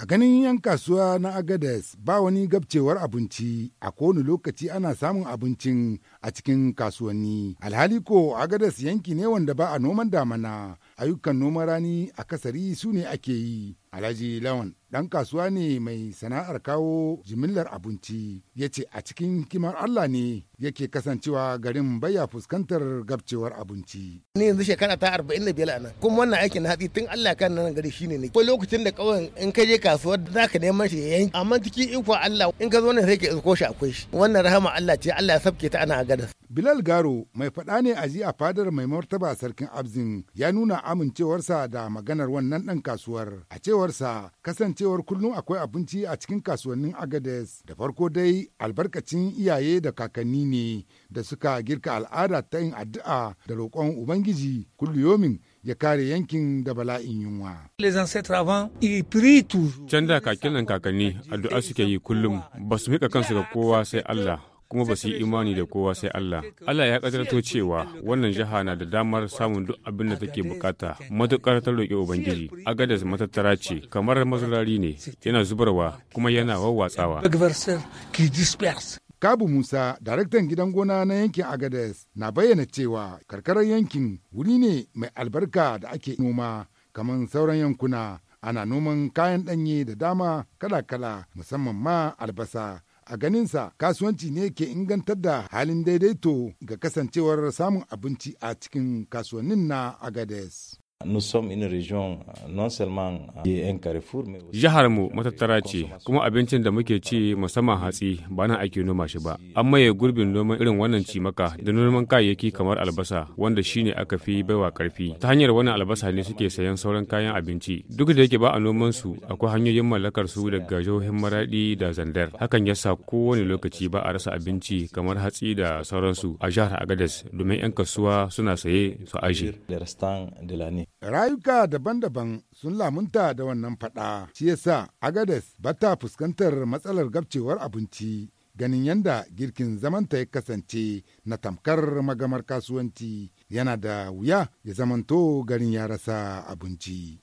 A ganin 'yan kasuwa na Agades ba wani gabcewar abinci a kowane lokaci ana samun abincin a cikin kasuwanni. Alhali ko Agades yanki ne wanda ba a noman damana ayyukan noman rani a kasari su ne ake yi. Alhaji Lawan ɗan kasuwa ne mai sana'ar kawo jimillar abinci ya ce a cikin kimar Allah ne yake kasancewa garin baya fuskantar gabcewar abinci. Ni yanzu shekara ta arba'in da biyar nan kuma wannan aikin hatsi tun Allah kan nan gari shine ne. Ko lokacin da kawai in ka je kasuwa za ka neman shi yayin amma cikin ikon Allah in ka zo ne sai ka isko shi akwai shi. Wannan rahama Allah ce Allah ya sabke ta ana a gadas. Bilal Garo mai faɗa ne a a fadar mai martaba sarkin Abzin ya nuna amincewarsa da maganar wannan ɗan kasuwar. A cewarsa kasancewar kullum akwai abinci a cikin kasuwannin Agades da farko dai albarkacin iyaye da kakanni ne da suka girka al'ada ta yin addu'a da roƙon Ubangiji kulliyomin ya kare yankin da bala'in yunwa. Can da nan kakanni addu'a suke yi kullum ba su mika kansu ga kowa sai Allah kuma ba su yi imani da kowa sai Allah. Allah ya kadarto cewa wannan jiha na da damar samun duk abin da take bukata matuƙar ta roƙi Ubangiji. Agadas matattara ce kamar mazurari ne yana zubarwa kuma yana wawwatsawa. Kabu Musa, daraktan gidan gona na yankin Agades, na bayyana cewa karkarar yankin wuri ne mai albarka da ake noma kamar sauran yankuna. Ana noman kayan ɗanye da dama kala-kala musamman ma albasa. a ganinsa kasuwanci ne ke ingantar da halin daidaito ga kasancewar samun abinci a cikin kasuwannin na Agades. Nous sommes une région euh, non euh, Jihar mu matattara ce kuma abincin da muke ci musamman hatsi ba nan ake noma shi ba. An maye gurbin noman irin wannan cimaka da noman kayayyaki kamar albasa wanda shine aka fi baiwa karfi. Ta hanyar wannan albasa ne suke sayan sauran kayan abinci. Duk da yake ba a noman su akwai hanyoyin mallakar su daga jihohin Maradi da Zandar. Hakan yasa kowane lokaci ba a rasa abinci kamar hatsi da sauransu a jihar Agadez domin 'yan kasuwa suna saye su aje. rayuka daban-daban sun lamunta da wannan fada shi yasa agades ba ta fuskantar matsalar gabcewar abinci ganin yadda girkin zamanta ya kasance na tamkar magamar kasuwanci yana da wuya ya zamanto garin ya rasa abinci